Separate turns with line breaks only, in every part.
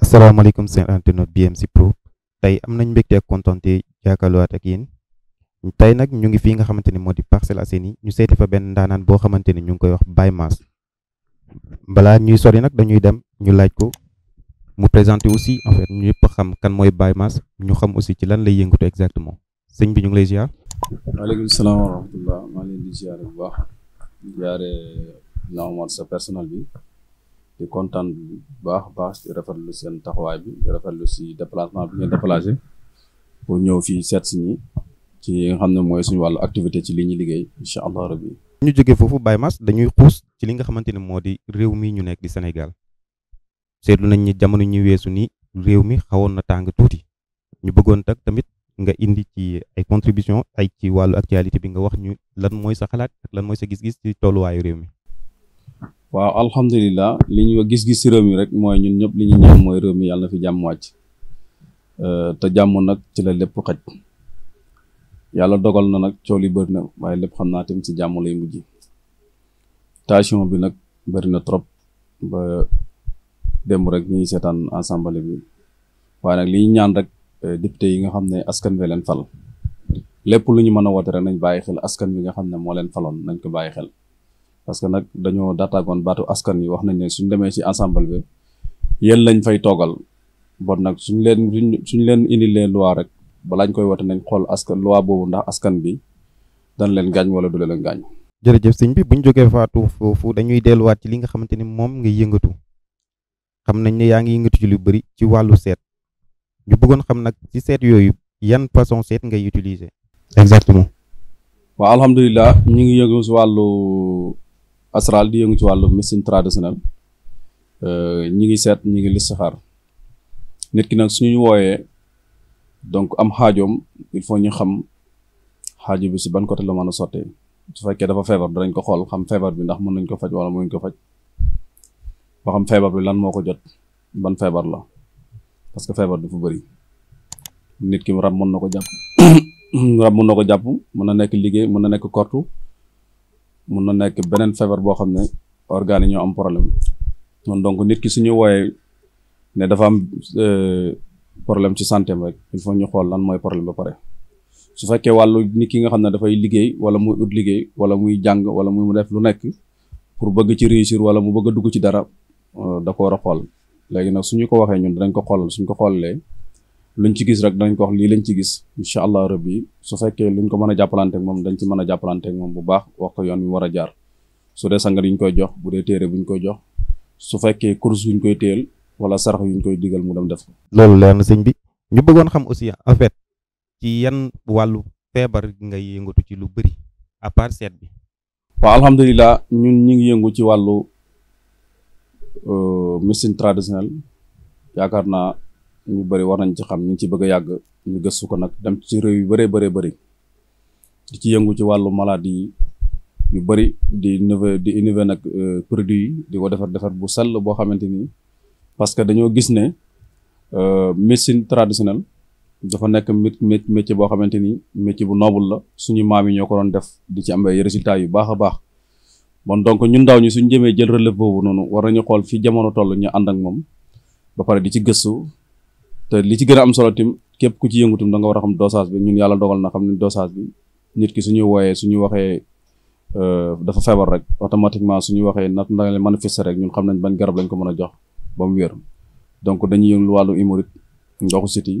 asalaamaaleykum seen internet BMC Pro am nañ mbégte ak kontante jàkkaarloowaat ak yéen tey nag ñu ngi fii nga xamante ni moo di Parcelles Assainies ñu seeti fa benn ndaanaan boo xamante ni ñu ngi koy wax Baye Mass balaa ñuy sori nag dañuy dem ñu laaj ko mu présenté aussi en fait ñu ñëpp xam kan mooy Baye Mass ñu xam aussi ci lan lay yëngatu exactement sëñ bi ñu ngi lay ziar.
waaleykum salaam wa rahmatulah di ziare bu baax bi di kontaan bu baax baax di rafetlu seen taxawaay bi di rafetlu si déplacement bi ngeen déplacé pour ñëw fii seet si ñi ci nga xam ne mooy suñu wàllu activité ci li ñu liggéey incha allah rabbi ñu jógee foofu bay Mass
dañuy xuus
ci li nga xamante ne
moo di réew mii ñu nekk di Sénégal. seetlu nañ ni jamono ñi weesu ni réew mi xawoon na tàng tuuti ñu bëggoon tak tamit nga indi ci ay contribution ay ci wàllu actualité bi nga wax
ñu lan mooy sa xalaat ak lan mooy sa gis-gis ci tolluwaayu réew mi. waaw alhamdulilah li ñu gis-gis si réew mi rek mooy ñun ñëpp li ñu ñaan mooy réew mi yàlla na fi jàmm wàcc euh, te jàmm nag ci la lépp xaj yàlla dogal na nag coow li bëri na waaye lépp xam naa tamit si jàmm lay mujj tension bi nag bëri na trop démb rek ñu ngi seetaan ensemble bi waaye nag li ñaan rek eh, député yi nga xam ne askan wi leen fal lépp lu ñu mën a woote rek nañ bàyyi xel askan wi nga xam ne moo leen faloon nañ bàyyi xel parce que nag dañoo daataagoon baatu askan yi wax nañ ne suñ demee si ensemble bi yéen lañ fay toogal bon nag suñ leen suñ leen indi leen loi rek balaañ koy woote nañ xool askan loi boobu ndax askan bi dañ leen gaañ wala du leen gaañ.
jërëjëf sëñ bi bu ñu jógee faatu foofu
dañuy delluwaat
ci li nga xamante ni moom nga yëngatu. xam nañ ne yaa ngi yëngatu ci lu bëri ci wàllu seet ñu bëggoon xam nag ci seet yooyu yan façon
seet ngay utiliser. exactement. waa alhamdulilah ñu ngi yëngu ci wàllu astral di yëngu ci wàllu médecine traditionnelle euh, ñi ngi seet ñi ngi listixaar nit ki nag ñu wooyee donc am xaajoom il faut ñu xam xaajo bi si ban côté la mën a sottee su fekkee dafa feebar danañ ko xool xam feebar bi ndax mën nañ ko faj wala ngi ko faj ba xam feebar bi lan moo ko jot ban feebar la parce que feebar dafa bëri nit ki rab mën na ko jàpp rab mën na ko jàpp mën na nekk liggéey mën na nekk kortu mun na nekk beneen feebar boo xam ne organes ñoo am problème noonu donc nit ki suñu wooyee ne dafa am euh, problème ci santé rek il faut ñu xool lan mooy problème ba pare su fekkee wàllu nit ki nga xam ne dafay liggéey wala muy ut liggéey wala muy jàng wala muy mu def lu nekk pour bëgg ci réussir wala mu bëgg a dugg ci dara Euh, da ko war a léegi nag suñu ko waxee ñun danañ ko xoolal suñ ko xoolalee luñ ci gis rek danañ ko wax lii lañ ci gis incha allah rabbi su fekkee luñ ko mën a jàppalanteeg moom dañ ci mën a moom bu baax wax ko yoon wi war a jaar su dee sangar yi ñu koy jox bu dee téere bu ñu koy jox su fekkee course yu koy téel wala sarax yuñ koy digal mu dem def loolu
leer na sëñ bi ñu bëggoon xam aussi
en fait ci yan wàllu feebar ngay yëngatu ci lu bëri
à part bi.
waaw ci wàllu. Euh, médecine traditionnelle yaakaar naa ñu bëri war nañ ci xam ñu ngi ci bëgg a yàgg ñu gëstu ko nag dem ci réew yu bëree bëree bëri di ci yëngu ci wàllu maladie yu bëri di innové di innové nag euh, produit yi di ko defar defar bu sell boo xamante ni parce que dañoo gis ne euh, médecine traditionel dafa nekk métier boo xamante ni métier bu noble la suñu maam yi ñoo ko doon def di ci am ay résultats yu baax a baax. bon donc ñun ndaw ñi suñ jëmee jël relève boobu noonu war nañu xool fi jamono toll ñu ànd ak moom ba pare di ci gëstu te li ci gën a am solo tim képp ku ci yëngutum da nga war a xam dosage bi ñun yàlla dogal na xam ne dosage bi nit ki suñuy wooyee suñuy waxee euh, dafa feebar rek automatiquement suñuy waxee nat na leen manifester rek ñun xam nañ ban garab lañ ko mën a jox ba mu wér donc dañuy yëngu wàllu hémorroïde ndoxu siti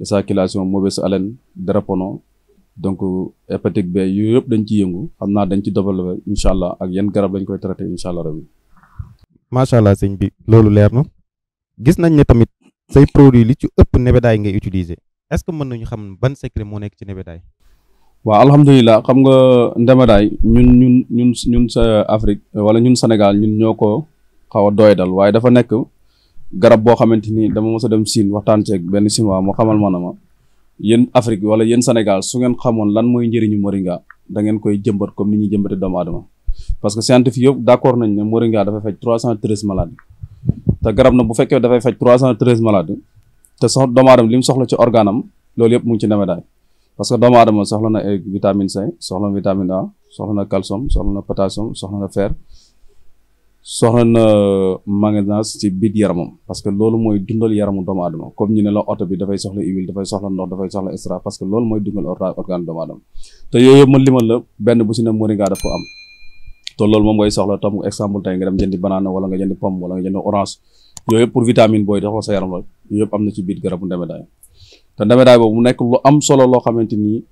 éjaculation mauvaise haleine drépano donc euh, hépatite B yooyu yëpp dañ ci yëngu xam naa dañ ci développé incha allah ak yan garab lañ koy traité incha allah rabi.
macha allah sëñ bi loolu leer na gis nañ ne tamit say produit li
ci ëpp nebedaay ngay utiliser
est ce que mën nañu xam ban secret moo nekk ci nebedaay.
waa alhamdulilah xam nga ndemedaay ñun ñun ñun ñun sa Afrique wala ñun Sénégal ñun ñoo ko xaw a doy dal waaye dafa nekk garab boo xamante ni dama mos a dem Siin waxtaan ceeg benn Siin moo xamal ma ne yéen Afrique wala yéen Sénégal su ngeen xamoon lan mooy njëriñu moringa da ngeen koy jëmbat comme ni ñu jëmbate doomu aadama parce que scientifique yëpp d' nañ ne moringa dafay faj 313 maladies te garab na bu fekkee dafay faj 313 maladies te sox doomu aadama li mu soxla ci organam loolu yëpp mu ngi ci nemedaay parce que doomu aadama soxla na ay vitamine C soxla na vitamine A soxla na calcium soxla na potassium soxla na fer soxla na euh, magasinage ci biir yaramam parce que loolu mooy dundal yaramu doomu aadama comme ñu ne la oto bi dafay soxla huile dafay soxla ndox dafay soxla extra parce que loolu mooy dundal la benn bu si ne moringa dafa am loolu moom ngay soxla tam exemple tey nga dem wala nga jëndi pomme wala nga jëndi orange yooyu yëpp pour vitamine booy dafa sa yaram rek yooyu yëpp am na ci biir garabu ndemedaay te ndemedaay boobu mu nekk lu am solo loo xamante ni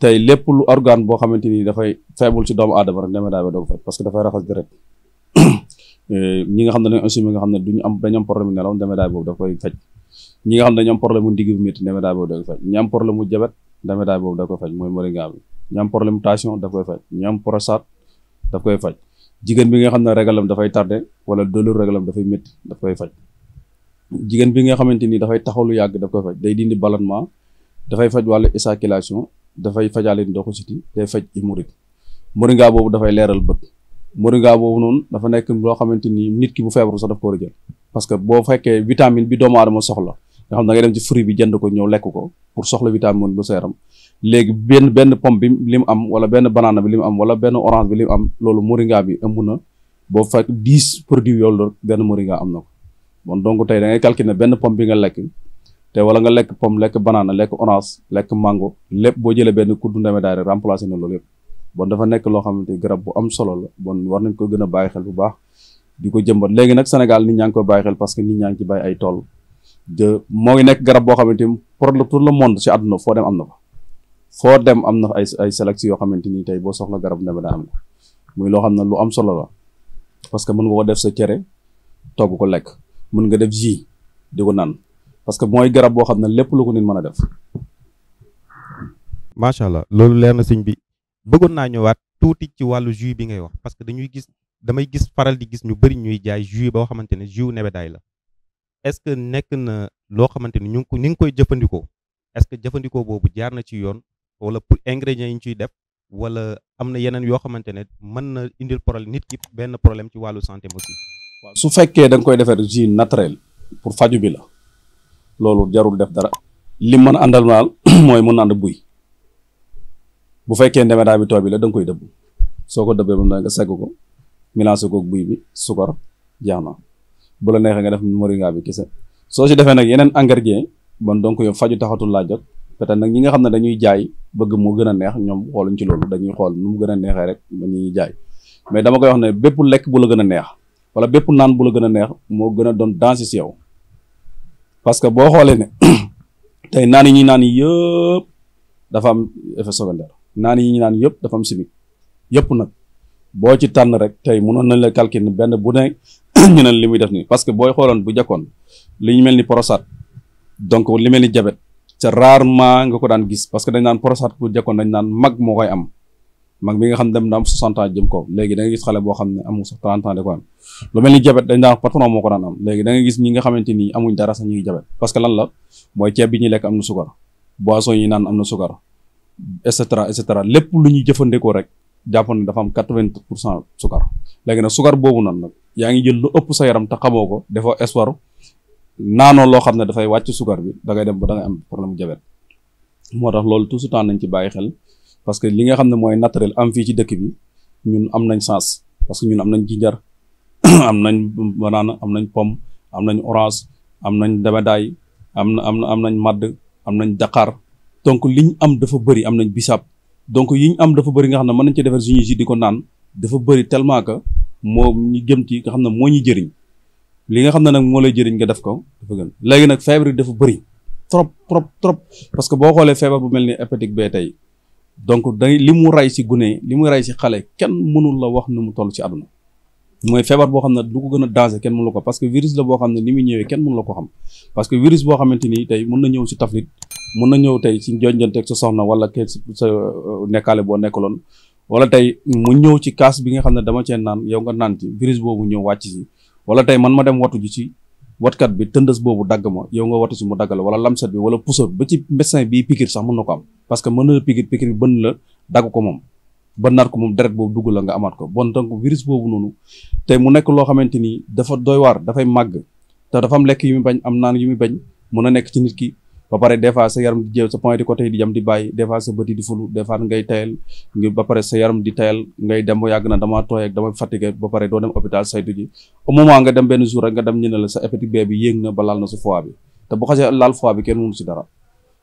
tey lépp lu organe boo xamante ni dafay faible ci doomu aadama rek ndemedaay ba parce que dafay raxas deret Euh, ñi nga xam ne dañu aussi mi nga xam ne duñu am dañu am problème nelaw ndemédaay boobu daf koy faj ñi xam ne dañu am problème mu ndigg bu métti ndemédaay boobu da koy faj ñi am problème mu jabet ndemédaay boobu da am problème tension daf koy faj jigéen bi nga xam ne régalam dafay tardé wala douleur régalam dafay métti daf koy faj jigéen bi nga xamante ni dafay taxaw lu yàgg daf koy faj day dindi ballonnement dafay faj wàllu éjaculation dafay fajaale ndoxu siti day faj hémorroïde moringa boobu dafay leeral bët moringa boobu noonu dafa nekk loo xamante ni nit ki bu feebaru sax daf ko war parce que boo fekkee vitamine bi doomu aadama soxla nga xam da ngay dem ci fruit bi jënd ko ñëw lekk ko pour soxla vitamine bu seeram léegi benn benn pomme bi li mu am wala benn banana bi li mu am wala benn orange bi li mu am loolu moringa bi ëmb na boo fekk dix produits yoolu benn moringa am na ko bon donc tey da ngay benn pomme bi nga lekk te wala nga lekk pomme lekk banana lekk orange lekk mango lépp boo jëlee benn kuddu ndeme daal rek remplacé na loolu yëpp bon dafa nekk loo xamante garab bu am solo la bon war nañ ko gën a bàyyi xel bu baax di ko jëmbat léegi nag Sénégal nit ñaa ngi koy bàyyi xel parce que nit ñaa ngi ci bàyyi ay tool de moo ngi nekk garab boo xamante ni pour le pour le monde si àdduna foo dem am na fa foo dem am na ay ay sélection yoo xamante ni tey boo soxla garab nebedaa am na muy loo xam ne lu am solo la parce que mën nga ko def sa cere togg ko lekk mën nga def ji di ko naan parce que mooy garab boo xam ne lépp lu ko nit mën a def
macha allah loolu leer na sëñ bi bëggoon naa ñëwaat tuuti ci wàllu jus bi ngay wax parce que dañuy gis damay gis faral di gis ñu bëri ñuy jaay jus boo xamante ne jus nebedaay la est-ce que nekk na loo xamante ni ñu ngi ko ni nga koy jëfandikoo est-ce que jëfandikoo boobu jaar na ci yoon wala pour ingrédients yi ñu ciy def wala am na yeneen yoo xamante ne mën na indil problème nit ki benn problème ci wàllu santé
aussi. waaw su fekkee danga koy defar jus naturel pour faju bi la loolu jarul def dara. li mën a àndal mooy mën na ànd bu fekkee ndemedaa bi toobi la da nga koy dëbb soo ko dëbbee ba mu nga segg ko milancé kook buy bi sukar jeex na bu la neexee nga def moringa bi kese soo si defee nag yeneen ingrédients bon donc yow faju taxatul laa jot peut-être nag ñi nga xam ne dañuy jaay bëgg mu gën a neex ñoom xooluñ ci loolu dañuy xool nu mu gën a neexee rek ba ñuy jaay mais dama koy wax ne bépp lekk bu la gën neex wala bépp naan bu la gën a neex moo gën a doon danse si yow parce que boo xoolee ne tey naan yi ñuy naan yëpp dafa am effet secondaire naan yi ñu naan yëpp dafa am chimique yëpp nag boo ci tànn rek tey mënoon nañ la calculer benn bu ne ñu ne li muy def nii parce que booy xooloon bu jëkkoon li ñu mel ni prostate donc li mel ni jabet ca rarement nga ko daan gis parce que dañ naan prostate bu jëkkoon dañ naan mag moo koy am mag mi nga xam ne dem na am 60 jëm ko léegi da gis xale boo xam ne amul sax 30 ko am lu mel ni diabète dañ daan patron moo ko daan am léegi da nga gis ñi xamante ni amuñ dara sax ñu ngi diabète que lan la mooy ceeb bi ñuy lekk am na sukar boisson yi naan am na sukar et cetera cetera lépp lu ñuy jëfandikoo rek jàpp dafa am quatre-vingt pour cent sukar léegi nag sukar boobu noonu nag yaa ngi jël lu ëpp sa yaram te xamoo ko defoo espoir naanoo loo xam ne dafay wàcc sukar bi dangay dem ba da ngay am problème jabet moo tax loolu tout ce temps nañ ci bàyyi xel parce que li nga xam ne mooy naturel am fii ci dëkk bi ñun am nañ sens parce que ñun am nañ jinjar am nañ banaana am nañ pomme am nañ orange am nañ demedaay am na am na am nañ madd am nañ daqaar donc liñ am dafa bëri am nañ bisaab donc yiñ am dafa bëri nga xam ne mën nañ ci defar suñu di ko naan dafa bëri tellement que moo ñu jëm ci nga xam ne moo ñu jëriñ li nga xam ne nag moo lay jëriñ nga def ko léegi nag feebar dafa bëri trop trop trop parce que boo xoolee feebar bu mel ni hépatique B tey day li mu rey si gune li mu rey si xale kenn mënul wax nu mu toll si àdduna mooy feebar boo xam ne du ko gën a danger kenn mënu la ko parce que virus boo xam ne ni muy ñëwee kenn mënu ko xam parce que virus boo xamante ni tey mën na ñëw si taflit mun na ñëw tey ci jonjante ak sa soxna wala ke sa uh, nekkaale boo loon wala tey mu ñëw ci kaas bi nga xam ne dama cee naan yow nga naan ci virus boobu ñëw wàcc si wala tey man ma dem watu ji ci watkat bi tëndës boobu dagg ma yow nga watu si mu dagg la wala lamset bi wala puso ba ci médecin bi piqûre sax mën na ko am parce que mën na la piqûre piqûre bi bënn la dagg ko moom ba nar ko moom deret boobu dugg la nga amaat ko bon donc virus boobu noonu tey mu nekk loo xamante ni dafa doy waar dafay màgg te dafa am lekk bañ am naan yu muy bañ mën a nekk ci nit ki ba pare des fois sa yaram di jéem sa point de côté di jam di bàyyi des fois sa bët di fulu des fois ngay tayal ngi ba pare sa yaram di tayal ngay dem yàgg na damaa tooy ak dama fatigué ba pare doo dem hôpital saytu ji au nga dem benn jour rek nga dem ñu ne la sa hépatite B bi yéeg na ba laal na sa foie bi te bu xasee laal foie bi kenn mënu si dara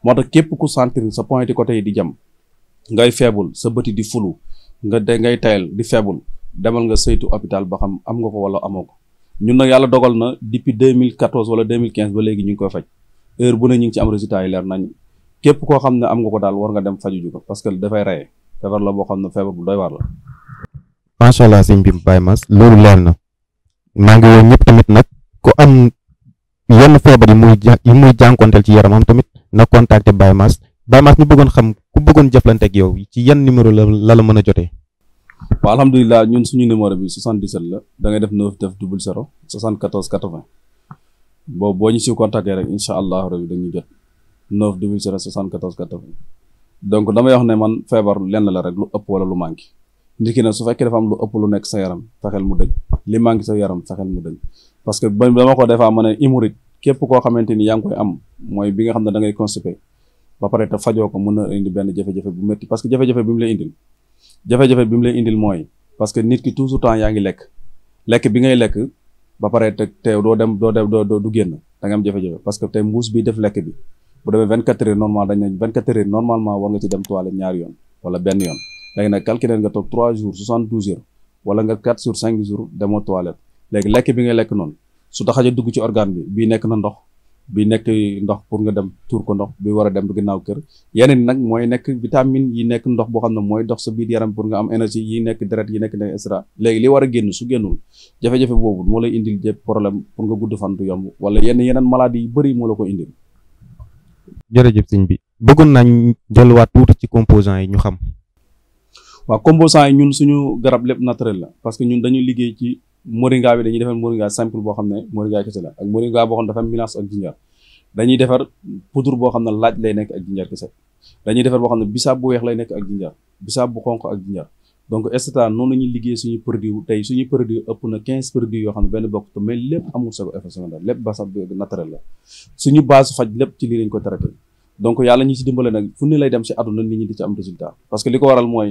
moo tax képp ku sentir sa point de côté di jam ngay feebul sa bëti di fulu nga de ngay tayal di feebul demal nga saytu hôpital ba xam am nga ko wala amoo ko ñun nag yàlla na depuis 2014 wala léegi ñu ngi koy faj heure bu ne ñu ngi ci am résultat yi na nañ képp koo xam ne am nga ko daal war nga dem faju ju ko parce que dafay reye feebar la boo xam ne feebar bu doy waar la.
macha allah sëñ bi Baye Mass loolu leer na maa ngi woon ñëpp tamit nag ku am yenn feebar yi muy ja yi muy jànkonteel ci yaramam tamit na contacter Baye Mass Baye Mass ñu bëggoon xam ku bëggoon jëflante ak yow ci yan numéro la la la mën a jotee.
waaw alhamdulilah ñun suñu numéro bi 77 la da ngay def 9 def double 0 74 80. boo boo ñu si contacté rek incha allahu rabi dañuy jot 9 2 74 80 donc damay wax ne man feebar lenn la rek lu ëpp wala lu manqué nit ki nag su fekkee dafa am lu ëpp lu nekk sa yaram fexeel mu dëñ li manqué sa yaram fexeel mu dëñ parce que ba dama ko defaa ma ne imurit képp koo xamante ni yaa ngi koy am mooy bi nga xam ne da ngay constipé ba pare te fajoo ko mën na indi benn jafe-jafe bu métti parce que jafe-jafe bi mu la indil jafe bi mu lay indil mooy parce que nit ki toujours temps yaa ngi lekk lekk bi ngay lekk ba pare te te doo dem doo dem doo du génn da nga am jafe-jafe parce que tey mbuus bi def lekk bi bu demee 24 heures normal dañ ne 24 heures normalement war nga ci dem toilette ñaari yoon wala benn yoon léegi nag calculer nga toog 3 jours 72 heures wala nga 4 jours 5 jours demoo toilette léegi lekk bi nga lekk noon su tax a dugg ci organe bi bii nekk na ndox. bi nekk ndox pour nga dem tuur ko ndox bi war a dem ginnaaw kër yeneen nag mooy nekk vitamine yi nekk ndox boo xam ne mooy dox sa biir yaram pour nga am énergie yi nekk deret yi nekk et cetera léegi li war a génn su génnul jafe-jafe boobu moo lay indil jëpp problème pour nga gudd fan du yomb wala yenn yeneen maladie yu bëri moo la ko indil.
jërëjëf sëñ bi bëggoon naa delluwaat tuuti ci composant yi ñu xam.
waa composants yi ñun suñu garab lépp naturel la parce que ñun dañu liggéey ci. moringa bi dañuy defar moringa simple boo xam ne moringa kese la ak moringa boo xam ne dafa am ak jinjar dañuy defar poudre boo xam ne laaj lay nekk ak jinjar kese dañuy defar boo xam ne bisaab bu weex lay nekk ak jinjar bisaab bu xonq ak jinjar donc esta noonu liggéey suñu produit tey suñu produit ëpp na quinze produits yoo xam ne benn bokk te mais lépp amul sa effet secondaire lépp basa naturel la suñu base faj lépp ci lii lañ ko traité donc yàlla ñi ci dimbale nag fu ni lay dem ci àdduna nit ñi di ci am résultat parce que li ko waral mooy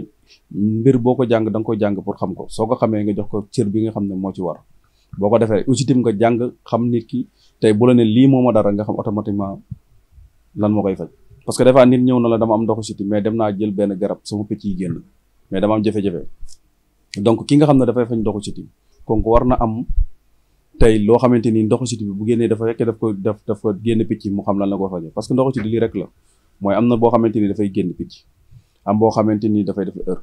mbir boo ko jàng da nga jàng pour xam ko soo ko xamee nga jox ko cër bi nga xam ne moo ci war boo ko defee aussi tim nga jàng xam nit ki tey bu la ne lii moo ma dara nga xam automatiquement lan moo koy faj parce que des fois nit ñëw na la dama am ndoxu siti mais dem naa jël benn garab sama picc yi génn mais dama am jafe-jafe donc ki nga xam ne dafay fañ ndoxu siti tey loo xamante ni ndoxu siti bi bu génnee dafa fekkee daf ko daf dafa génn picc mu xam lan la ko faje parce que ndoxu siti lii rek la mooy am na boo xamante ni dafay génn picc am boo xamante ni dafay def heure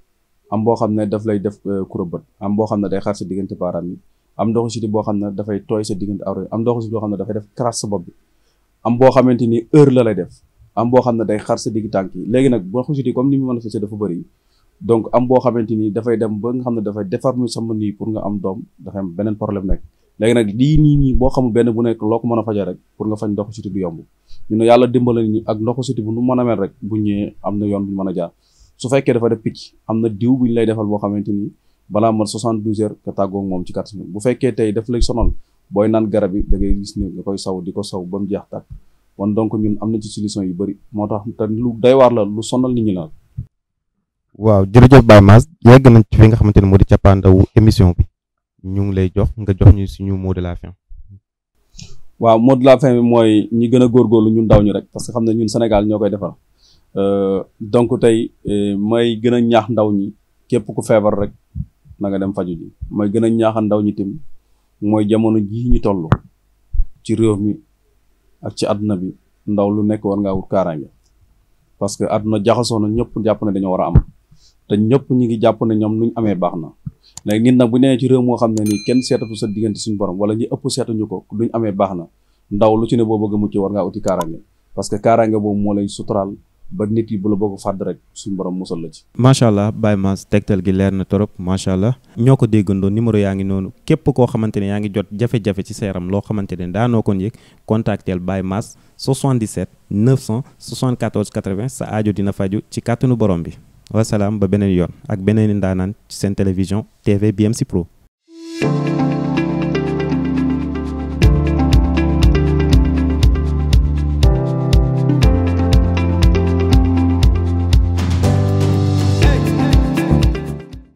am boo xam ne daf lay def euh, kurobët am boo xam ne day xar sa diggante baaraam yi am ndoxu siti boo xam ne dafay tooy sa diggante awra am ndoxu siti boo xam ne dafay def crasse sa bopp bi am boo xamante ni heure la lay def am boo xam ne day xar sa digg tànk yi léegi nag boo siti comme ni mu manifesté dafa bëri donc am boo xamante ni dafay dem ba nga xam ne dafay déformer sama nii pour nga am doom dafay am beneen problème nekk léegi nag lii nii nii boo xamul benn bu nekk loo ko mën a faja rek pour nga fañ ndoxu siti du yomb ñu ne yàlla dimbale ñu ak ndoxu siti bu nu mën a mel rek bu ñëwee am na yoon bu ñu mën a jaar su fekkee dafa def picc am na diw bu ñu lay defal boo xamante ni balaa man 72 heures nga tàggoo moom ci quatre bu fekkee tey daf lay sonal booy naan garab yi da ngay gis ne da koy saw di ko saw ba mu jeex tàkk kon donc ñun am na ci solution yu bëri moo tax te lu doy waar la lu sonal nit ñi la
waaw jërëjëf Baye mas yegg nañ ci fi nga xamante ne moo di cappaandawu émission bi
ñu ngi lay jox nga
jox ñu suñu mot
waaw mot la fin bi mooy ñi gën a góorgóorlu ñu ndaw ñi rek parce que xam ne ñun senegal ñoo koy defar euh, donc tey euh, may gën a ñaax ndaw ñi képp ku feebar rek nanga dem faju ji may gën a ñaaxa ndaw ñi tim mooy jamono jii ñu toll ci réew mi ak ci àdduna bi ndaw lu nekk war ngaa wut kaaraange parce que àdduna jaxasoo na ñëpp jàpp ne dañoo war a am. te ñëpp ñu ngi jàpp na ñoom nuñ amee baax na léegi nit nag bu nee ci réew moo xam ne nii kenn seetatu sa diggante suñu borom wala ñi ëpp seetatuñu ko duñ amee baax na ndaw lu ci ne boo bëgg mucc war ngaa uti kaaraange parce que kaaraange boobu moo lay suturaal ba nit yi bu la bëgg fàdd rek suñ borom musal la ci.
macha allah Baye Mass tegtal gi leer na trop macha allah ñoo ko déggandoo numéro yaa ngi noonu képp koo xamante ne yaa ngi jot jafe-jafe ci seeram loo xamante ne daanoo ko njëkk contacteel Baye Mass 77 974 80 sa aajo dina faju ci kàttanu borom bi. wa salaam ba beneen yoon ak beneen i ndaanaan ci seen télévision TV BMC Pro